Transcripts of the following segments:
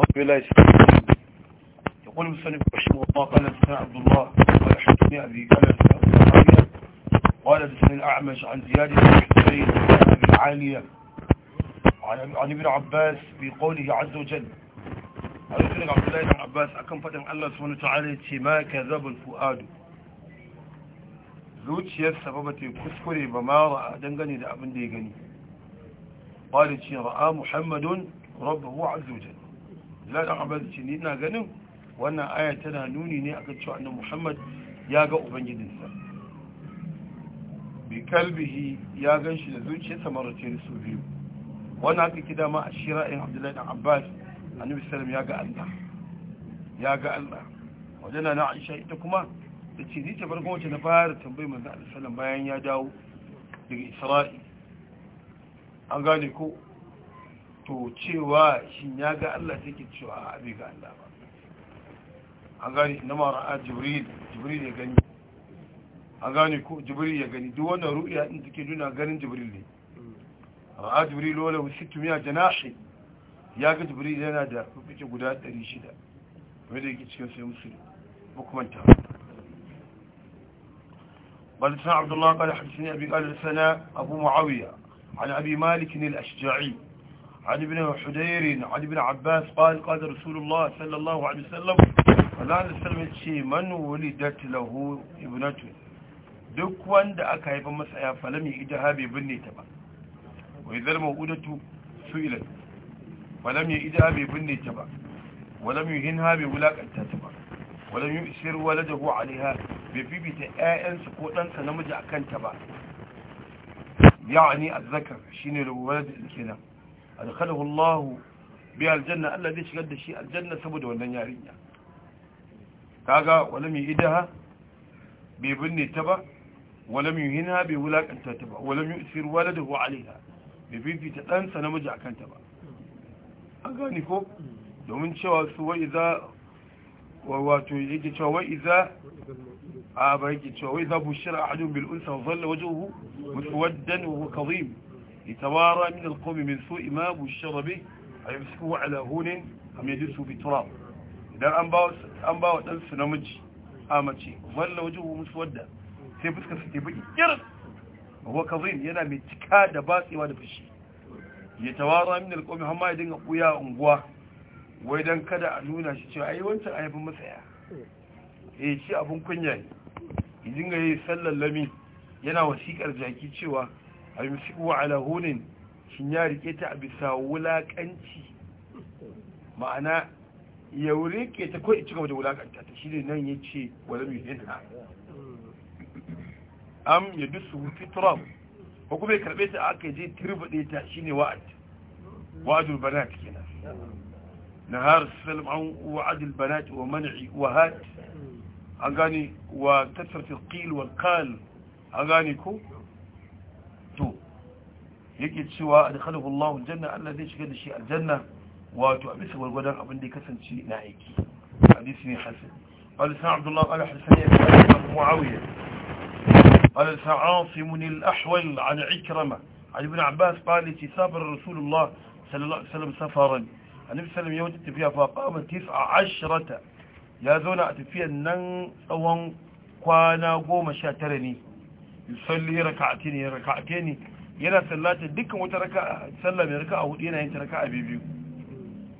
أعوذ بالله يقول المسلم رحمه الله قال حدثنا عبد الله قال حدثني أبي قال حدثنا قال حدثني الأعمش عن زياد بن حسين عن أبي عالية عن ابن عباس بقوله عز وجل عن ابن عبد الله بن عباس أكم فتن الله سبحانه وتعالى ما كذب الفؤاد zuciyarsa ba ta kuskure ba mara dangane da abin da ya gani ƙwari ce ra'a muhammadun rabbahu azza wajal abdullahi dan abin ce ni ina ganin wannan aya tana nuni ne akan cewa annabi muhammad ya ga ubangijinsa bi kalbihi ya gan shi da zuciyarsa maratin su biyu wannan aka kida ma a in abdullahi dan abbas annabi sallam ya ga allah ya ga allah wajen na aisha ita kuma da ce ni ce farkon wacce na fara tambayi manzo alaihi bayan ya dawo daga isra'i an gane ko to cewa shi ya ga Allah take cewa a abin ga Allah ba an gani na mara'a jibril jibril ya gani an gani ko jibril ya gani duk wannan ru'iya din take nuna ganin jibril ne ra'a jibril wala wasitu miya janahi ya ga jibril yana da fifice guda 600 wanda yake cikin sai musulmi hukumanta قال سنة عبد الله قال حدثني أبي قال سنة أبو معاوية عن أبي مالك الأشجعي عن ابن حدير عن ابن عباس قال قال رسول الله صلى الله عليه وسلم ولا نسلم شيء من ولدت له ابنته duk wanda aka haifa masa ya falami ita ha bai binne ta ba wai zarma udatu su'ilan falami ita ha bai binne ta ba walam yuhin ha wulakanta ta ba walam yushir waladahu alaiha bai bibita ƴaƴansa ko ɗansa namiji a kanta ba ya'ani azzakar shine da kenan adkhalahu Allah bi aljanna Allah zai shigar da shi aljanna saboda wannan yarinya kaga walam yidaha bai binne ta ba walam yuhina bai wulaqanta ta ba walam yusir waladahu alaiha bai dan sa namiji a ta ba an gani ko domin cewa su wa iza wato yake cewa wa idza a ba yake cewa wa idza bushira ahadun bil unsa dhalla wajhuhu mutawaddan wa kadhib يتوارى من القوم من سوء ما بشر به أيمسكه على هون أم يدسه بالتراب idan an ba wa ɗansu namiji a mace walla waje wa wadda sai fuskar su ke baki yana mai cika da batsewa da fushi ya tawara min alƙomi hamma ya dinga ɓuya unguwa wai don kada a nuna shi cewa ai wancan a masaya shi abin kunya ya dinga sallar lami yana wasiƙar jaki cewa a yumsiku ala hunin shin ya rike ta bisa wulakanci ma'ana ya rike ta ko ita gaba da wulakanta ta shine nan yace wala ha am yadusu fitram ko kuma ya karbe ta aka je turbade ta shine wa'ad wa'adul banat kenan nahar salam an wa'adul banat wa man'i wa hat an gane wa kasratul qil wal qal an gane ko yake cewa a da kalifin lawun janna allah zai shiga da shi wato a bisa gwargwadon abin da kasance na aiki hadisi ne hasan alisan ala hasan ya fi ala muawiya alisan asimun al'ahwal an ikirama alibin abbas bali ci sabar rasulullah sallallahu alaihi safaran a nufi ya wajen tafiya faƙamar tisa ashirata ya zauna a tafiya nan tsawon kwana goma sha tara ne yusalli raka'atini raka'atini yana sallata dukkan wata raka sallah mai raka a hudu yana yin raka a biyu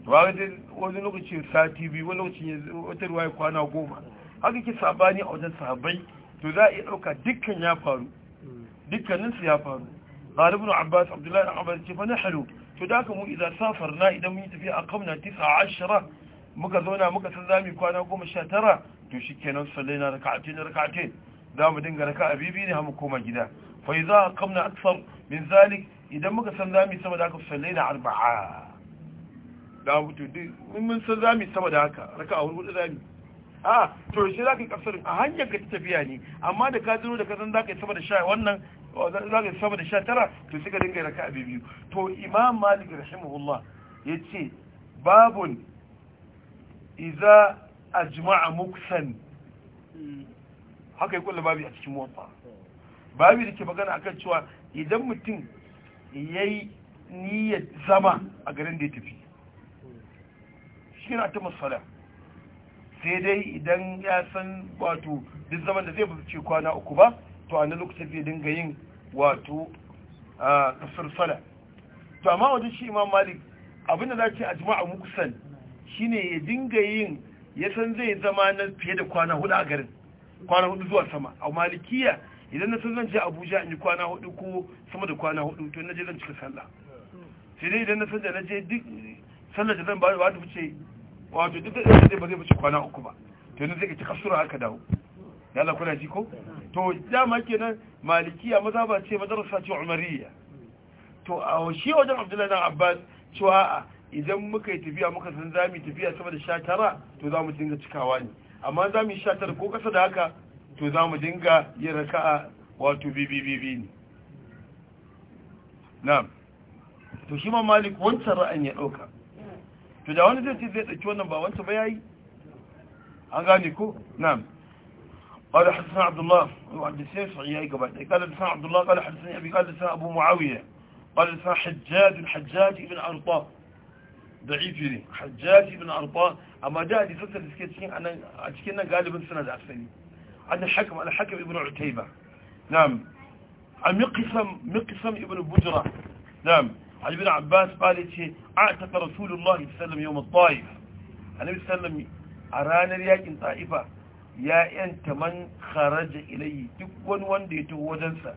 wani lokaci sati biyu wani lokaci wata ruwa kwana goma haka ke sabani a wajen sahabbai to za a iya ɗauka dukkan ya faru dukkaninsu ya faru ghalibin abbas abdullahi da abbas ce fana halu to da haka mu idan safar na idan mun yi tafiya a kamna tisa ashira muka zauna muka san za mu kwana goma sha tara to shi kenan sallai na raka'atin raka'atin za mu dinga raka'a bibi ne har mu koma gida fa idza qamna akthar min zalik idan muka san zami sama da haka sallaina arba'a da mutu duk mun san zami sama da haka raka raka'a hudu zamu a to shi zaka kasarin a hanyar ka tafiya ne amma da ka zuro da ka san zaka yi sama da sha wannan zaka yi sama da sha tara to sai ka dinga a biyu to imam malik rahimahullah yace babun idza ajma'a muksan hmm. haka yi kullu babu a cikin muwatta babu da ke magana akan cewa idan mutum ya yi niyyar zama a garin da ya tafi shi na ta masala sai dai idan ya san wato duk zaman da zai ce kwana uku ba to a na lokacin zai dinga yin wato a kasar sala to amma wajen shi imam malik abinda za ce a jima'a muku san shi ne ya dinga yin ya san zai zama na fiye da kwana hudu a garin kwana hudu zuwa sama a malikiya idan na san zan je abuja in yi kwana hudu ko sama da kwana hudu to na je zan cika sallah sai dai idan na san da na je duk sallar da zan ba wa ta fice wato duk da zai ba zai fice kwana uku ba to yanzu zai ci kasura haka dawo ya Allah kuna ji ko to dama kenan malikiya maza ba ce madarasa ce umariya to a shi wajen abdullahi dan abbas cewa a idan muka yi tafiya muka san zamu tafiya sama da 19 to zamu dinga cikawa ne amma zamu yi 19 ko kasa da haka to za mu dinga yin raka'a wato bibibibi ne na'am to shi ma malik wancan ra'ayin ya ɗauka to da wani zai ce zai ɗauki wannan ba wancan ba yayi an gane ko na'am قال حدثنا عبد الله وحدثنا سعيد قال حدثنا عبد الله قال حدثني أبي قال حدثنا أبو معاوية قال حدثنا حجاج الحجاج بن أرطاه ضعيف ne hajjaji ibn arba amma da hadisan da suke cikin anan a cikin nan galibin suna da asali عن الحكم عن الحكم ابن عتيبة نعم عن مقسم مقسم ابن بجرة نعم عن ابن عباس قال شيء اعتق رسول الله صلى الله عليه وسلم يوم الطائف النبي صلى الله عليه وسلم أرانا رياك طائفة يا انت من خرج الي تكون ونديته وجنسه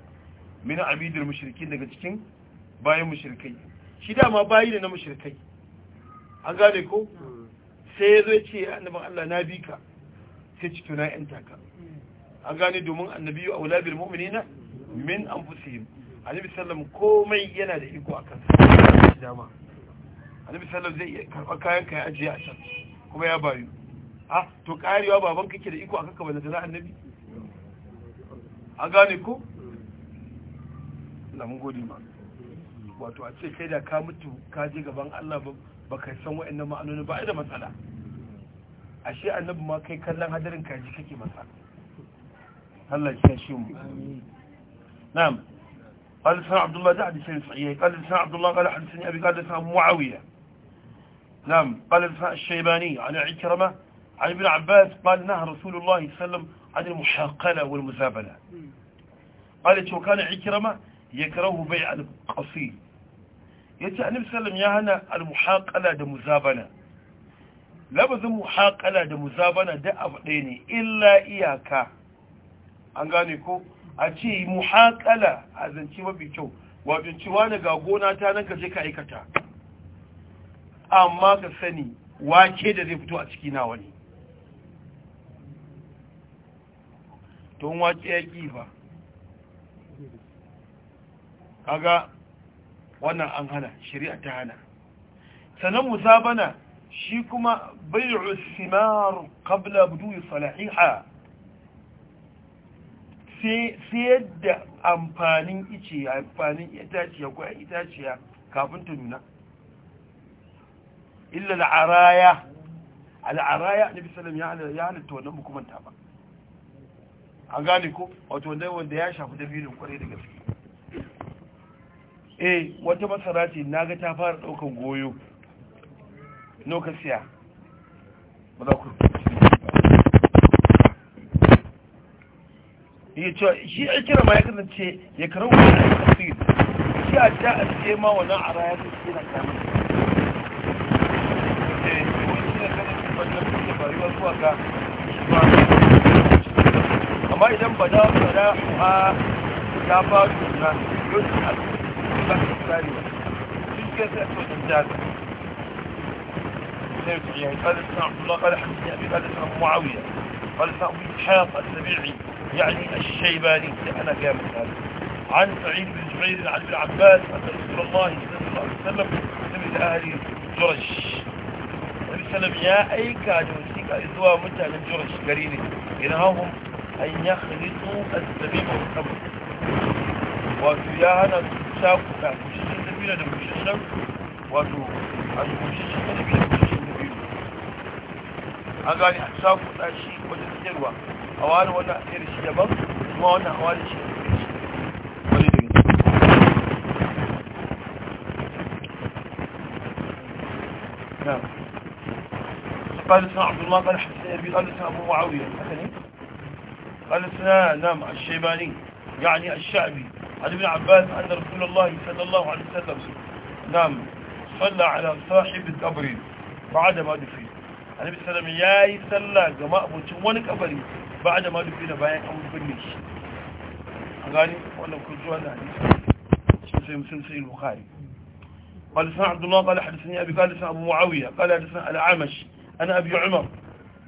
min abidul mushrikin daga cikin bayan mushrikai shi dama bayi ne na mushrikai an gane ko sai ya zo ce annabin Allah na bi sai ci tuna an gane domin annabiyu aula bil mu'minina min anfusihim annabi sallam komai yana da iko akan sa dama annabi sallam zai karɓar kayan kayan ajiye a can kuma ya bayu ah to karewa baban kake da iko akan ka banda da annabi an gane ko lamun mun gode ma wato a ce kai da ka mutu ka je gaban Allah ba ka san wa'annan ma'anoni ba ai da matsala ashe annabi ma kai kallon hadarin kaji kake masa هلا يستشيهم نعم قال لسنا عبد الله ده سنة صحيح قال لسنا عبد الله قال حدثني أبي قال لسنا معاوية نعم قال لسنا الشيباني عن عكرمة عن ابن عباس قال نهى رسول الله صلى الله عليه وسلم عن المحاقلة والمزابلة قالت وكان عكرمة يكره بيع القصيل يتعني النبي صلى الله عليه وسلم يا هنا المحاقلة ده مزابلة لابد المحاقلة ده مزابلة ده أفعيني إلا إياكا an gane ko a ce muhakala a zance mafi kyau wajen cewa ne ga gona ta nan ka ka aikata amma ka sani wake da zai fito a ciki na wani don wake ya ba kaga wannan an hana shari'a ta hana sanan musabana shi kuma bai'u simar qabla budu'i salahiha sayar da amfanin ice amfanin itaciya ko itaciya kafin ta nuna illa al'araya al'araya annabi sallam ya halitta wannan ta ba an gane ko wato wanda wanda ya shafi dabinin kwarai da gaske eh wata masara ce naga ta fara daukan goyo no siya ba za ku ya cewa shi a kira ma ya kasance ya karu wani a tafsir shi a ta a ce ma wani a raya ta ce na kamar amma idan ba da ba da a ta ba su na yau a ba su tsari ba shi ke sai a tsotun jaza sai ya yi tsarin sa'adullah kada hadisi a bi kada sa'adullah muawiya قال فأبي إسحاق السبيعي يعني الشيباني أنا كامل هذا عن سعيد بن جبير عن ابن عباس أن رسول الله صلى الله عليه وسلم سمت أهل جرج النبي صلى الله عليه وسلم يا أي كانوا سيك أزوا متى من جرش قريني ينهاهم أن يخلطوا الزبيب والخمر وتياهنا تشاكوا كعكوشيش الزبيب لدى كوشيش wato a rubuce shi da shi wajen a wani shi daban kuma a wani shi wani da قال سنا عبد الله قال حسن أبي قال سنا أبو معاوية قال سنا نعم الشيباني يعني الشعبي عن ابن عباس أن رسول الله صلى الله عليه وسلم نعم صلى على صاحب القبر بعد ما دفن annabi sallam ya yi sallah ga ma'abocin wani kabari ba da malufi da bayan an binne shi a gani wannan kurjuwa da hadisi shi sai musulun sai bukhari قال حدثنا عبد الله قال حدثني أبي قال حدثنا أبو معاوية قال حدثنا الأعمش أنا أبي عمر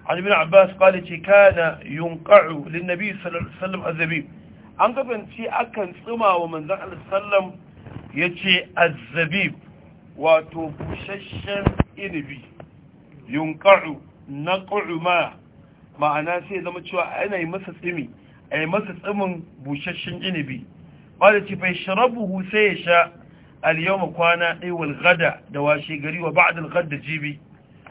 عن ابن عباس قال كان ينقع للنبي صلى الله عليه وسلم الزبيب an kasance akan tsima wa manzan alisallam ya ce azabib wato busasshen inibi yunqa'u na ma ma'ana sai zama cewa ana yi masa tsimi a yi masa tsimin busasshen inibi ba da ci sharabuhu sai ya sha al-yawma kwana ɗai gada da washe gari wa ba'd al jibi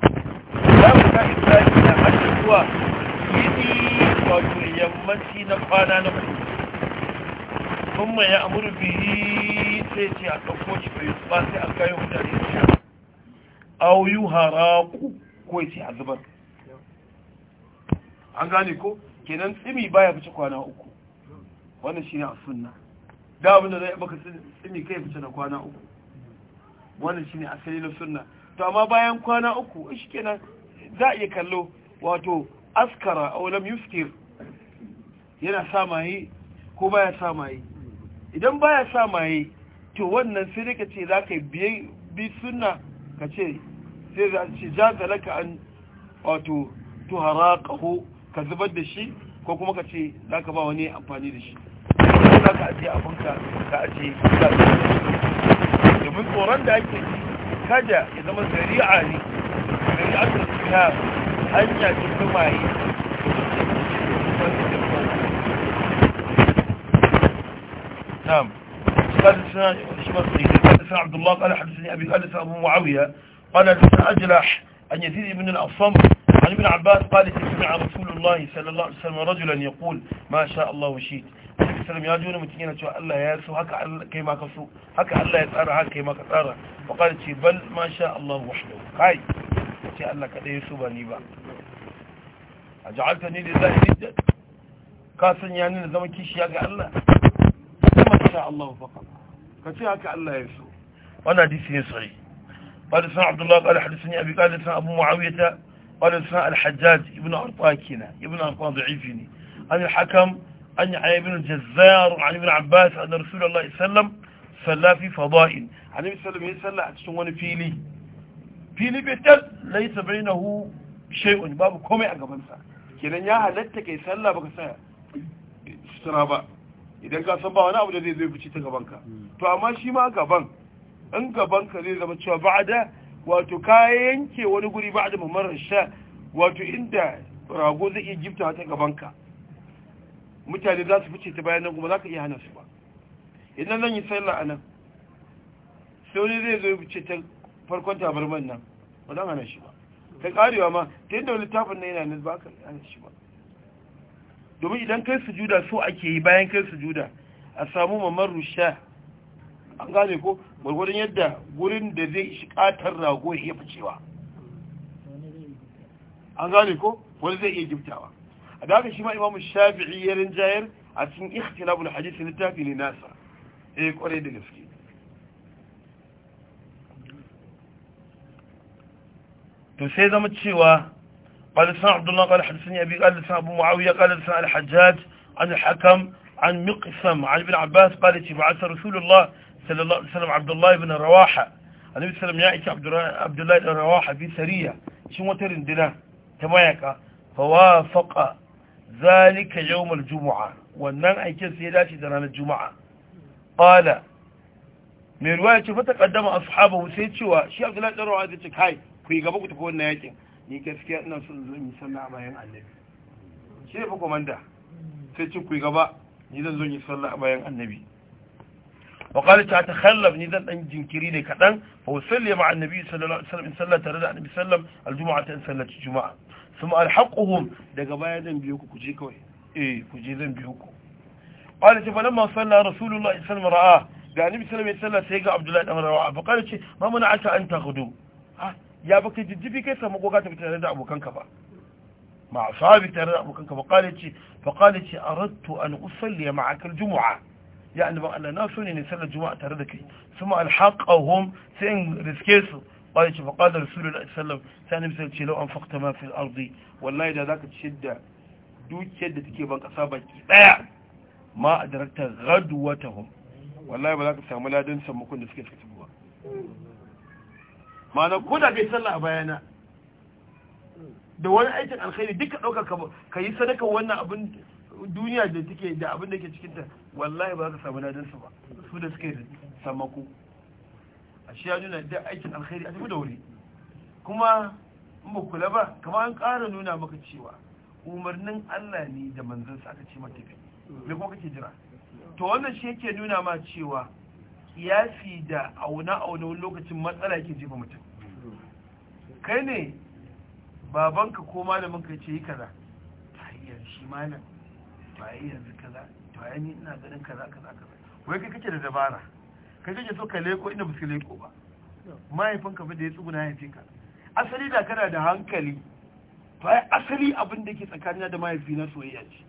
za mu ta na hajji zuwa na kwana na kuma ya amuru bihi sai ce a ɗauko shi bai ba sai a kayan mutane shi A yi haraku ko ya ce a zubar an gane ko kenan tsimi baya fice kwana uku wannan shine a sunna da abin da zai baka tsimi kai fice na kwana uku wannan shine asali na sunna to amma bayan kwana uku shi kenan za a iya kallo wato askara a wani muskir yana sa maye ko baya sa maye idan baya sa maye to wannan sai ka ce za ka bi sunna ka ce sai da an ce ja laka an wato tuhara ƙaho ka zubar da shi ko kuma ka ce za ka ba wani amfani da shi za ka ajiye abinka ka ajiye za ka domin tsoron da ake kada ya zama zari'a ne zari'a ta fiya hanya maye نعم قال سنا عبد الله قال حدثني أبي قال أبو معاوية قال الفتن أجلح أن يزيد بن الأصم عن ابن عباس قال سمع رسول الله صلى الله عليه وسلم رجلا يقول ما شاء الله وشيت صلى يا جون متينا شو الله يرسو هكا كي ما كسو هكا الله يتأرى هكا كي ما كتأرى وقال شي بل ما شاء الله وحده هاي شاء الله كده يرسو بنيبا أجعلتني لله جدا كاسن يعني نزمن كيش يقى الله ما شاء الله فقط كتي هكا الله يرسو وانا دي سين قال سنة عبد الله قال حدثني أبي قال سنة أبو معاوية قال سنة الحجاج ابن أرطاكنا ابن أرطا ضعيفني عن الحكم عن يحيى بن الجزار عن ابن عباس أن رسول الله صلى الله عليه وسلم صلى في فضاء عن النبي صلى الله عليه وسلم يصلى فيلي fili betel laisa bainahu shay'un babu komai a gaban sa kenan ya halatta kai sallah baka sa sutura ba idan ka san ba wani abu da zai zo fice ta gaban ka to amma shi ma gaban in gaban ka zai zama cewa baada wato ka yanke wani guri ba'da mamarar sha wato inda rago zai iya gifta ta gaban ka mutane za su fice ta bayan nan kuma za ka iya hana su ba idan zan yi sallah nan sau wani zai zo ya fice ta farkon tabarman nan ba zan hana shi ba ta karewa ma ta yadda wani tafin na yana nan ba ka hana shi ba domin idan kai sujuda so ake yi bayan kai sujuda a samu mamar rusha an gane ko gwargwadon yadda gurin da zai shi rago ya iya ficewa an gane ko wani zai iya giftawa a da haka shi ma imamu shafi'i ya rinjayar a cikin ikhtilaful hadisi littafi ne nasa eh kwarai da gaske to sai zama cewa قال لسان عبد الله قال حدثني أبي قال لسان أبو معاوية قال لسان الحجاج عن الحكم عن مقسم عن ابن عباس قال بعث رسول الله sallallahu alaihi wasallam abdullahi ibn rawaha annabi sallam ya aiki abdullahi ibn rawaha bi sariya wata rindina ta mayaka fa wafaqa zalika yawm aljum'a wannan aikin sai ya dace da ranar juma'a qala mai ruwa ya ce fata kaddama ashabahu sai cewa shi abdullahi ibn rawaha zai ce kai ku gaba ku tafi wannan yakin ni gaskiya ina son zan yi sallah bayan annabi shi ne gaba ni zan zo yi sallah a bayan annabi wa a ta takhallaf ni zan dan jinkiri ne kadan fa usalli ma annabi sallallahu alaihi wasallam in sallata da annabi sallam aljum'a ta sallati juma'a thumma alhaquhum daga baya zan ku kuje kawai eh kuje zan biyo ku qala ta falamma salla rasulullahi sallallahu alaihi wasallam ra'a da annabi sallallahu alaihi wasallam sai ga abdullahi dan rawa'a fa ce ma mana aka an tahudu ah ya baka jijjibi kai samu ko ka tafi tare da abokanka ba مع صاحبي ترى أبو كنك فقالت فقالت أردت أن أصلي معك الجمعة ya annaban Allah na so ne ne sallar juma'a tare da kai suma alhaqahum sai in riske su qala ce faqala rasulullahi sallallahu alaihi wasallam sai misali ce law anfaqta ma fil ardi wallahi da zaka ci da dukiyar da take ban kasa baki daya ma adrakta ghadwatahum wallahi ba za ka samu ladan sammakon da suke suka tafi ba ma'ana ko da kai sallah a bayana da wani aikin alkhairi duka dauka ka yi sadaka wannan abin duniya da take da abin da ke cikinta wallahi ba za ka samu dadinsu ba su da suke samako a shi ya nuna da aikin alkhairi a tafi da wuri kuma in ba kula ba kama an ƙara nuna maka cewa umarnin Allah ne da manzon sa aka ce mata kai me kuma kake jira to wannan shi yake nuna ma cewa kiyasi da auna auna wani lokacin matsala yake jefa mutum kai ne babanka ko malamin ka ce yi kaza ta shi malam to yanzu kaza to ai ni ina ganin kaza kaza kaza wai kai kake da dabara kai kake so ka leko inda ba su leko ba mahaifinka fa da ya tsuguna ya fi ka asali da kana da hankali to ai asali abin da ke tsakanina da mahaifina soyayya ce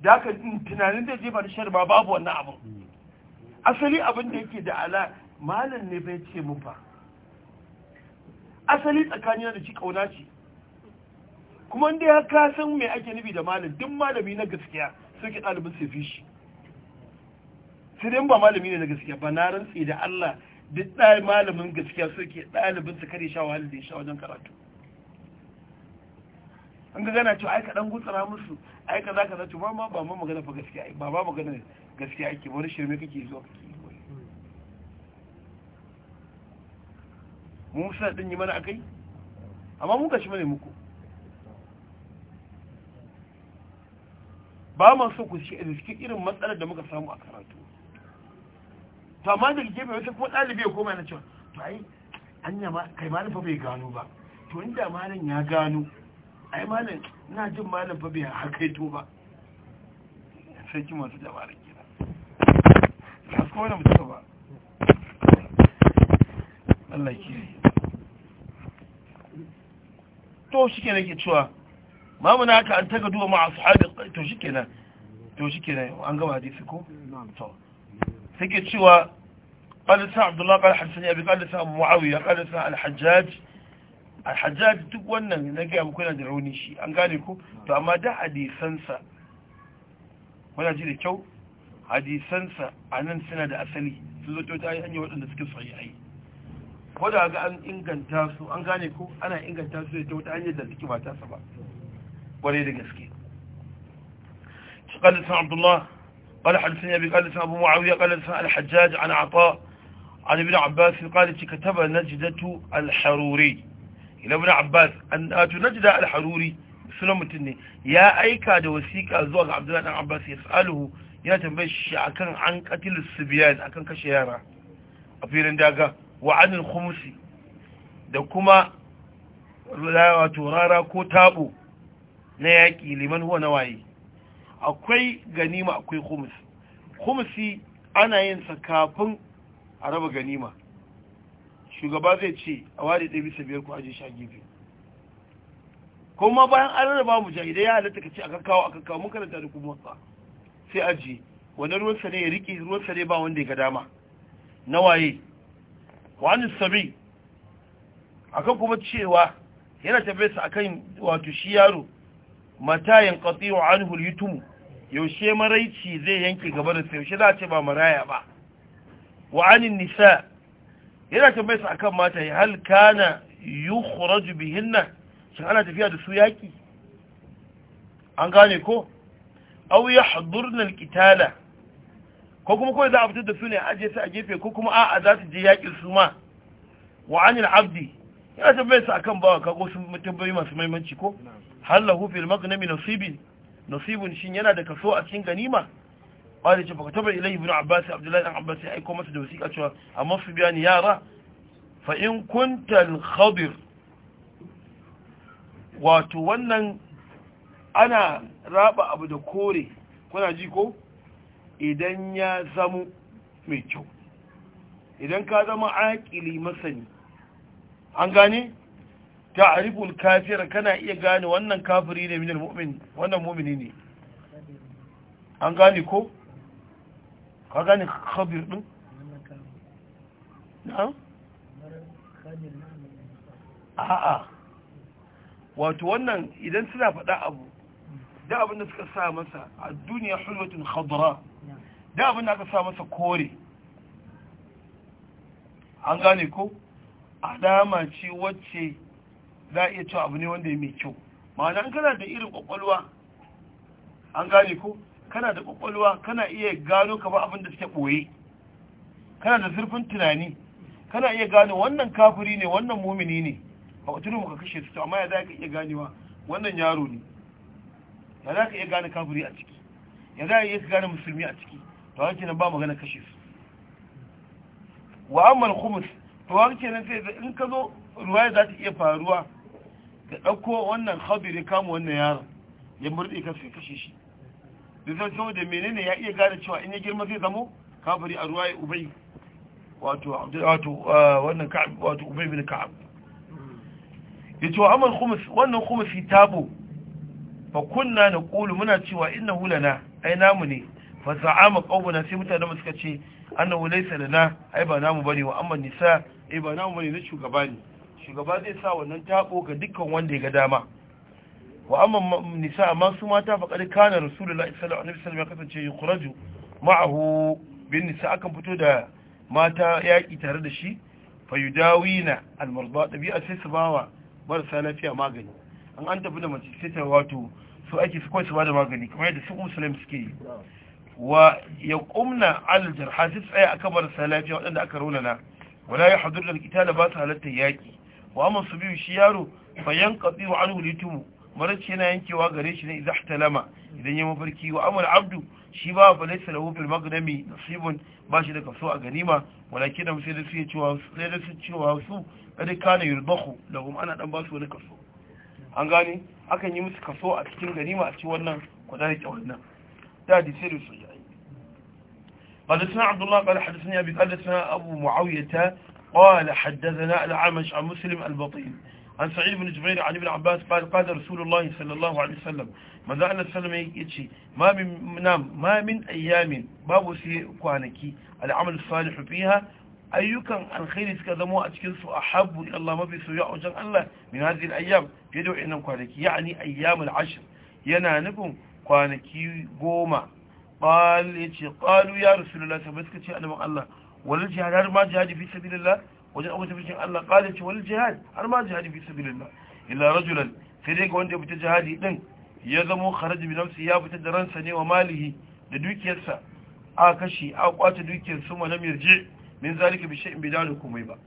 da haka tunanin da jefa da shar ma babu wannan abin asali abin da yake da ala malam ne bai ce mu fa asali tsakanina da shi kauna ce kuma dai ka san me ake nufi da malam duk malami na gaskiya suke ɗalibin su fi shi sai dai ba malami ne na gaskiya ba na rantsi da Allah duk ɗaya malamin gaskiya suke ki ɗalibin su kare sha wahala da ya sha wajen karatu an ga gana cewa ai ka dan gutsara musu ai ka zaka zato ba ma ba ma magana fa gaskiya ba ba magana gaskiya ake wani shirme kake zuwa kake mu musa din yi mana akai amma mun gashi mana muku ba ma so ku riski irin matsalar da muka samu a karatu to amma da gefe wata kuma ɗalibi ya koma na cewa to ai an ma kai malam fa bai gano ba to inda malam ya gano ai malam na jin malam fa bai hakaito ba sai ki masu dabarar gida ba su kowane mutum ba Allah ke to shi ke nake cewa ma muna haka an taga duwa ma ashabi to kenan to kenan an gama hadisi ko to sake cewa ƙalisa abdullahi ƙalisa الله abin ƙalisa ابي قال سعد معاويه alhajjaji duk wannan na gaya muku yana da rauni shi an gane ku to amma da hadisansa wana ji da kyau hadisansa a nan suna da asali sun zo ta yi hanyar waɗanda suke tsaye ai ko da ga an inganta su an gane ku ana inganta su da kyauta hanyar da suke ba ta ba kwarai da gaske قال لسان عبد الله قال حدثني أبي قال لسان أبو معاوية قال لسان الحجاج عن عطاء عن ابن عباس قال كتب نجدة الحروري إلى ابن عباس أن نجدة الحروري mutum ne ya aika da wasiƙa zuwa ga abbas ya sa'aluhu yana tambaye shi akan an katilu subiyan akan kashe yara a filin daga wa anil da kuma wato rara ko taɓo. na yaƙi liman huwa na waye akwai ganima akwai humus humusi ana yin sa kafin a raba ganima shugaba zai ce a ware ɗaya bisa biyar ku aje shi a gefe kuma bayan an raba mu ja, idan ya halatta ka ce aka kawo aka kawo mun karanta da kuma wasa sai aji wani ruwan sa ne ya rike ruwan sa ne ba wanda ya ga dama na waye wani sabi akan kuma cewa yana tafiyarsa akan wato shi yaro mata yanqati'u anhu al yaushe maraici zai yanke gaba da yaushe za a ce ba maraya ba wa anin nisa yana tambayar sa akan mata ya halkana yukhraju bihinna shin ana tafiya da su yaƙi? an gane ko aw yahdurna al ko kuma kawai za a fitar da su ne a aje su a gefe ko kuma a'a za su je yaƙin su ma wa anin abdi ya tambaye su akan bawa kago sun tambayoyi masu maimanci ko hallahu fil maghnami nasibin nasibun shin yana da kaso a cikin ganima qala ce baka tabar ilayhi ibn abbas abdullahi ibn abbas ya aika masa da wasiƙa cewa amma su biya ni yara fa in kunta al khadir wato wannan ana raba abu da kore kuna ji ko idan ya zamo mai kyau idan ka zama aƙili masani an gane arifun kafir kana iya gane wannan kafiri ne minal mu'min wannan mu'mini ne an gane ko ka gane khabir din a a wato wannan idan suna faɗa abu da abin da suka sa masa a duniya hulwatun khadra da abin da aka sa masa kore an gane ko alama ce wacce za a iya cewa abu ne wanda ya mai kyau ma'ana an kana da irin kwakwalwa an gane ko kana da kwakwalwa kana iya gano kamar abin da suke ɓoye kana da zurfin tunani kana iya gano wannan kafiri ne wannan mumini ne a watanin ka kashe su amma ya za ka iya ganewa wannan yaro ne ya za ka iya gane kafiri a ciki ya za iya gane musulmi a ciki to hanci nan ba magana kashe su wa ammal tawar kenan sai da in ka zo ruwaya za ta iya faruwa ka ɗauko wannan khabiri kama wannan yaron ya murɗe ka sai kashe shi da zai sau da menene ya iya gane cewa in ya girma zai zamo kafiri a ruwaya ubai wato wato ah, wannan ka'ab wato ubai bin ka'ab ya ce wa amal khumus wannan khumusi tabo fa kunna naqulu muna cewa innahu hulana ai namu ne fa za'ama qawmuna sai mutane suka ce annahu laysa lana ai ba namu bane wa amma nisa eh ba namu ne na shugaba ne shugaba zai sa wannan tabo ga dukkan wanda ya ga dama wa amma nisa amma su mata fa kad kana rasulullahi sallallahu alaihi wasallam ya kasance yukhraju ma'ahu bin nisa akan fito da mata yaki tare da shi fa yudawina almarda dabi'a sai su bawa marasa lafiya magani an an tafi da mace sai ta wato su ake su kawai su bada magani kamar yadda su musulmi suke yi wa ya kumna aljar hasis tsaye akan marasa lafiya waɗanda aka raunana wala ya hadur da alkitala ba su halartar yaƙi wa amma su biyu shi yaro bayan katsi wa an hulitubu maracci yana yankewa gare shi na izahtalama idan ya mafarki wa amma abdu shi ba fa laysa lahu fil magnami nasibun ba shi da kaso a ganima walakin da sai da su cewa sai da su cewa su kada kana yurbahu lahum ana dan ba su wani kaso an gane akan yi musu kaso a cikin ganima a cikin wannan kwadari ta wannan da di sai da قال اسمع عبد الله قال حدثني أبي قال اسمع أبو معاوية قال حدثنا العمش عن مسلم البطين عن سعيد بن جبير عن ابن عباس قال قال رسول الله صلى الله عليه وسلم ماذا أن السلم يتشي ما من نام ما من أيام باب كوانكي العمل الصالح فيها ايكم الخير suka zamo a cikin su ahabbu ila Allah mafi soyayya الله من هذه الأيام يدعو al كوانكي يعني أيام العشر kwanaki yani ayyamul qal yace qalu ya rasulullah sai suka ce annabi Allah wal jihad har ma jihad fi sabilillah wajen abu tabbacin Allah qal yace wal jihad har ma jihad fi sabilillah illa rajulan sai dai ga wanda ya fita jihadi din ya zamo kharaji bi nafsi ya fita da ransa ne wa malihi da dukiyarsa a kashi a kwace dukiyar su malam yarje min zalika bi shay'in bi dalu kumai ba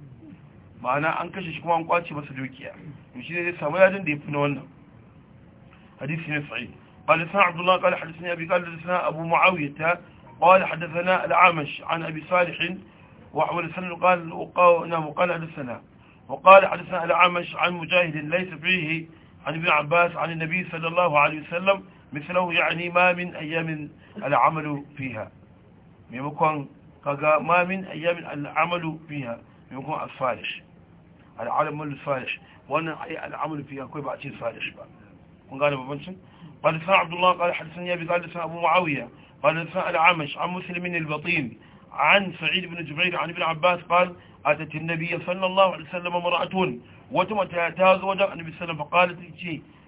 ma'ana an kashe shi kuma an kwace masa dukiya to shi ne zai samu yadin da yafi na wannan hadisi ne sahih قال حدثنا عبد الله قال حدثني أبي قال حدثنا أبو معاوية قال حدثنا العامش عن أبي صالح وحول سنة قال نعم، وقال حدثنا وقال حدثنا العامش عن مجاهد ليس فيه عن ابن عباس عن النبي صلى الله عليه وسلم مثله يعني ما من أيام العمل فيها يمكن كذا ما من أيام العمل فيها يمكن الصالح العمل الصالح وانا العمل فيها كل شيء صالح بقى kun gane babancin قال حدثنا عبد الله قال حدثني أبي قال حدثنا أبو معاوية قال حدثنا العمش عن مسلم البطين عن سعيد بن جبريل عن ابن عباس قال أتت النبي صلى الله عليه وسلم امرأة وتم تهتاز وجاء النبي صلى الله عليه وسلم فقالت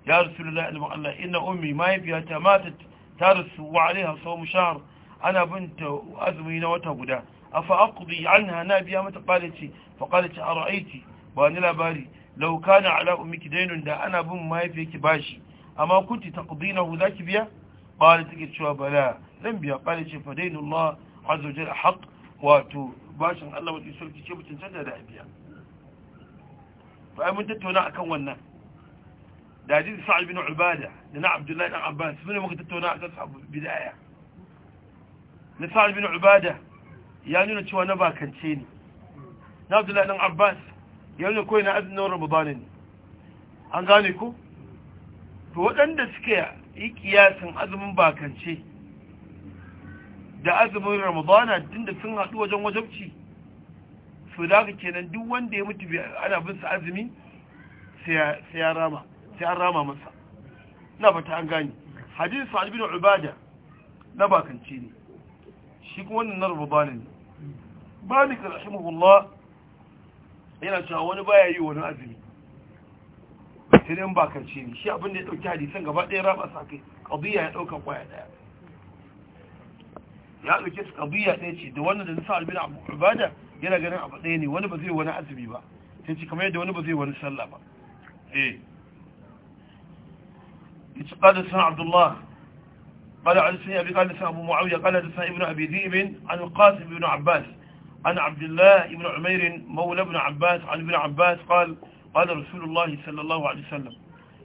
يا رسول الله إلا الله إن أمي ما يبيها ماتت ترس وعليها صوم شهر أنا بنت أزمين وتهدى أفأقضي عنها نابيها متى قالت فقالت أرأيتي وأنا لا باري لو كان على أمك دين دا أنا بن ما يبيك باشي amma kunti taqdinahu zaki biya qala take cewa bala zan biya qala ce fadainullah azza wajal haqq wato bashin Allah wajen sulki ce mutun canza da abiya fa ai mun tattauna akan wannan da hadisi sa'ad bin ubada da na abdullahi dan abbas sun muka tattauna akan sabu bidaya na sa'ad bin ubada ya nuna cewa na bakance ne na abdullahi dan abbas ya nuna koyi na azumin ramadan ne an gane ku to waɗanda suke yi kiyasin azumin bakance da azumin ramadana tunda sun haɗu wajen wajabci su da haka kenan duk wanda ya mutu ana bin su azumi sai ya rama sai an rama masa na fata an gani hadisi sa'ad albinu ubada na bakance ne shi kuma wannan na ramadana ne malik rahimahullah yana cewa wani baya yi wani azumi sirin bakance ne shi abinda ya dauki hadisan gaba ɗaya raba sa kai ƙabiya ya ɗauka kwaya ɗaya ya ɗauke su ƙabiya ɗaya ce da wannan da sa albina abu ibada yana ganin abu ɗaya ne wani ba zai wani azumi ba sai ce kamar yadda wani ba zai wani sallah ba eh yace qala sana abdullah قال عن سنة أبي قال لسان أبو معاوية قال لسان ابن أبي ذئب عن القاسم بن عباس عن عبد الله بن عمير مولى بن عباس عن ابن عباس قال qala rasulullah sallallahu alaihi wasallam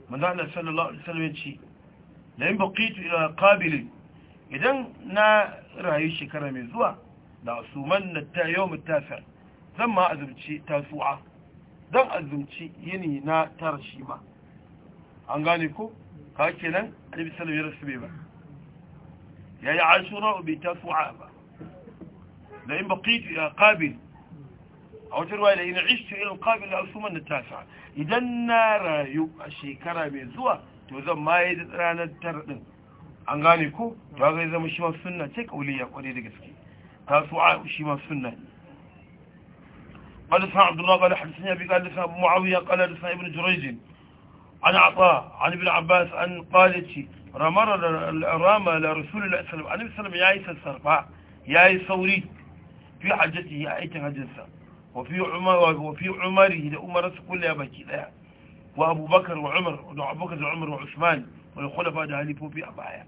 manzo Allah sallallahu alaihi wasallam yace la in baqitu ila qabil idan na rayu shekara mai zuwa da asuman ta yawm tasa zan ma azumci tasu'a dan azumci yini na tarshi ma an gane ko ka kenan annabi sallallahu alaihi wasallam ya rasu ba yayi ashura bi tasu'a ba da in baqitu ila qabil a wata ruwa da ina ishtu ilin kafin al-suman na tasa idan na rayu a shekara mai zuwa to zan maye da tsananar tara ɗin an gane ko ta zai zama shi ma suna ce kauliya kwanai da gaske ta su a shi ma suna قال سعد الله قال حدثني ابي قال سعد معاويه قال سعد بن جريج عن عطاء عن ابن عباس ان قال شيء رمر الرام على رسول الله صلى الله عليه وسلم يا ايس السرباء يا ايس ثوري في حجته يا ايت حجته wafi umarihi da umararsa kulle baki daya wa abubakar wa umar da abubakar da umar wa usman wani kwalafa da halifofi a baya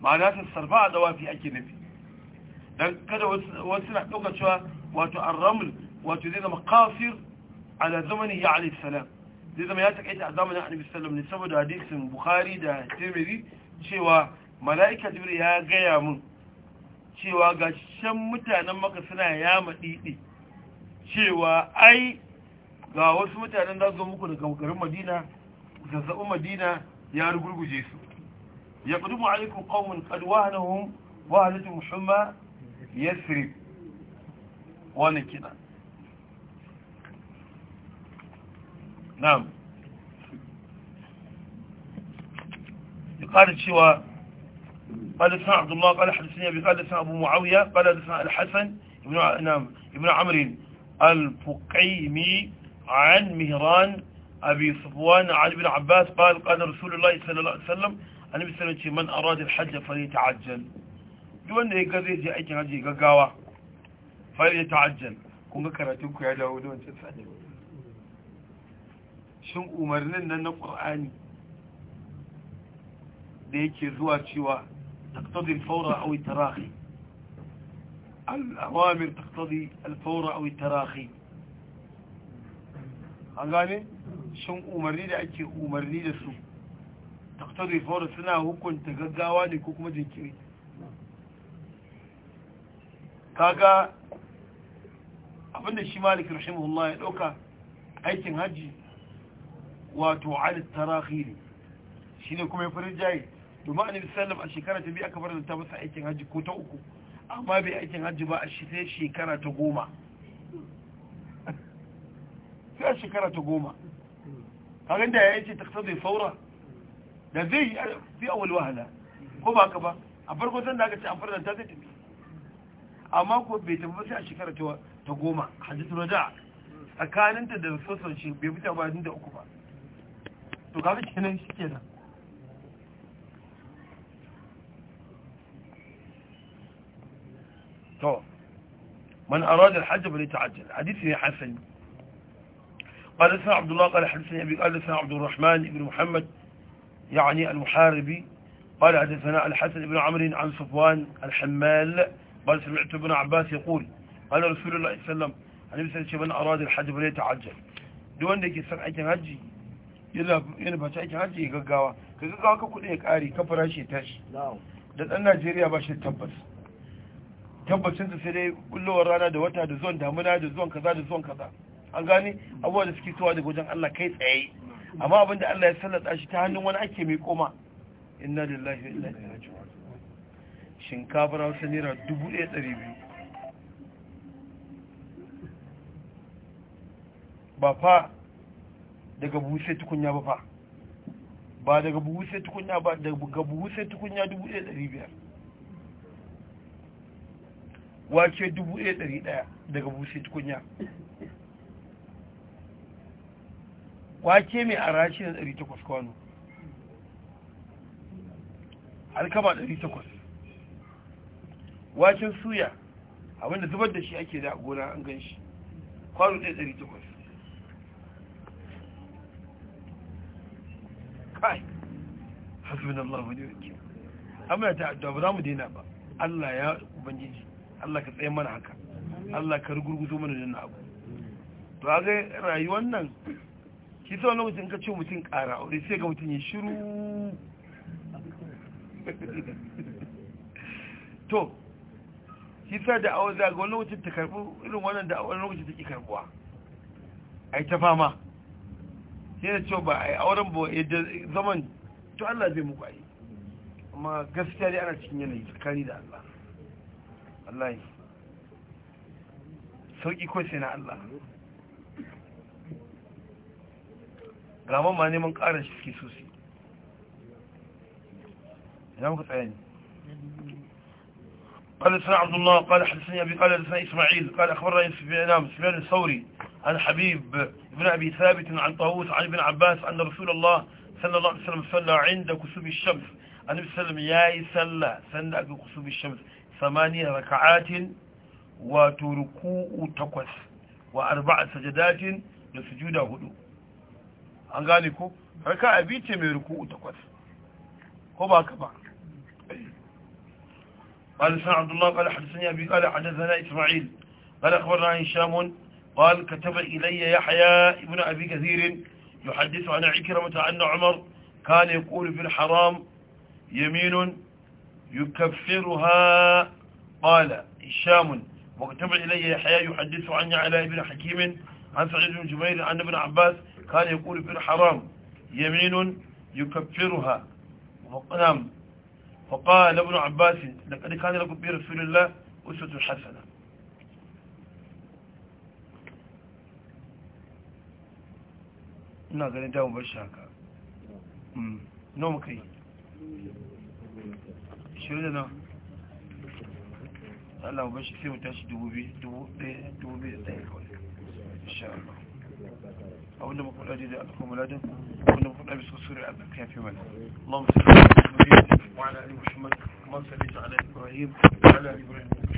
ma'ana ta sarfa a dawafi ake nufi don kada wasu na ɗauka cewa wato an ramul wato zai zama kafir a da zamanin ya alif salam zai zama ya taƙaita a zamanin annabi sallam ne saboda hadisin bukhari da tirmidhi cewa mala'ika jibril ya gaya mun cewa ga can mutanen maka suna yama ɗiɗi cewa ai ga wasu mutanen da zo muku daga garin madina zazzabin madina ya rugurguje su ya kudu ma'alikun ƙaunin ƙaduwa na hun wahalatu yasrib wannan kina na'am ya ƙara cewa قال سنة الله قال حدثني أبي قال سنة أبو معاوية قال سنة الحسن ابن, ابن الفقيمي عن مهران أبي صفوان عن ابن عباس قال قال رسول الله صلى الله عليه وسلم النبي صلى الله عليه وسلم من أراد الحج فليتعجل دون يقضي جاء أيكي هجي قاقاوة فليتعجل kun ga karatunku ya dawo da wancan sani shin umarnin nan na ƙur'ani da yake zuwa cewa taktadin faura a wita rahi الأوامر تقتضي الفور أو التراخي أنقاني sun umarni da ake umarni da su taktarai fara suna hukunta gaggawa ne ko kuma jinkiri kaga abinda shi maliki rahimahullah ya dauka aikin hajji wato adad tarahi ne shine kuma ya farin jaye domin annabi sallam a shekara ta biyu aka bar da ta masa aikin hajji ko ta uku amma bai aikin hajji ba a shi shekara ta goma sai shekara ta goma kagan da ya yi ce ta kasar zai saura da zai yi fi awal wahala ko ba ka ba a farko zan da aka ce an da ta zai tafi amma ko bai tafi ba sai a shekara ta goma hajji tura da tsakaninta da sosai bai fita ba da uku ba to kafin kenan shi kenan طبعا من أراد الحج فليتعجل حديثه حسن قال لسنا عبد الله قال حدثني أبي قال لسنا عبد الرحمن بن محمد يعني المحاربي قال حدثنا الحسن بن عمرو عن صفوان الحمال قال سمعت ابن عباس يقول قال رسول الله صلى الله عليه وسلم أنا صلى الله من أراد الحج فليتعجل duk wanda ke son aikin hajji yana bace aikin hajji ya gaggawa ka gaggawa ka kudin ya kare ka farashi tashi da ɗan tabbacin su sai dai bullowar rana da wata da zuwan damuna da zuwan kaza da zuwan kaza an gane abubuwa da suke towa da wajen Allah kai tsaye amma abin da Allah ya sallata shi ta hannun wani ake mai koma inna lillahi wa inna ilaihi raji'un shinkafar hausa naira 1200 ba fa daga buhu sai tukunya ba fa ba daga buhu sai tukunya ba daga buhu sai tukunya 1200 wake 1100 daga bushe tukunya wake mai arashi da 800 kwano alkama 800 waken suya abinda zubar da shi ake da a gona an gan shi kwano 800 kai hasbunallahu wani wakil amma ta addu'a ba za mu daina ba Allah ya ubangiji Allah ka tsaye mana haka Allah ka rugurguzo mana da abu to a ga rayuwar nan ki sa wani mutum ka ce mutum ƙara aure sai ga mutum ya shiru to ki sa da aure zaga wani lokacin ta karɓi irin wannan da wani lokacin ta ki karbuwa a yi ta fama sai da cewa ba a yi auren ba yadda zaman to Allah zai muku a yi amma gaskiya dai ana cikin yanayi tsakani da Allah wallahi sauki ko sai na Allah ramon ma neman ƙarar shi sosai ina muka ne قال سنة عبد الله قال حدثني أبي قال سنة إسماعيل قال أخبرني سفيان سفيان الثوري عن حبيب بن أبي ثابت عن طاووس عن ابن عباس أن رسول الله صلى الله عليه وسلم صلى عند كسوف الشمس النبي صلى الله عليه وسلم يا يسلى صلى عند كسوف الشمس ثمانية ركعات وتركوء تقوس وأربع سجدات لسجود هدو أنغانيكو ركع بيت من ركوء تقوس هو كبا قال سنة عبد الله قال حدثني أبي قال حدثنا إسماعيل قال أخبرنا عن هشام قال كتب إلي يحيى ابن أبي كثير يحدث عن عكرمة أن عمر كان يقول في الحرام يمين يكفرها قال هشام وكتب إلي يحيى يحدث عني على ابن حكيم عن سعيد بن جبير عن ابن عباس كان يقول في الحرام يمين يكفرها نعم فقال ابن عباس لقد كان لكم في رسول الله أسوة حسنة ina ganin damu bar shaka ashirin da nawa Allah ba shi sai mu tashi dubu biyu da ɗaya kawai insha Allah abinda mu kula da alkamaladin abinda mu kula bisu suri Allah ya fi mana Allah musulmi وعلى آل محمد كما صليت على إبراهيم وعلى آل إبراهيم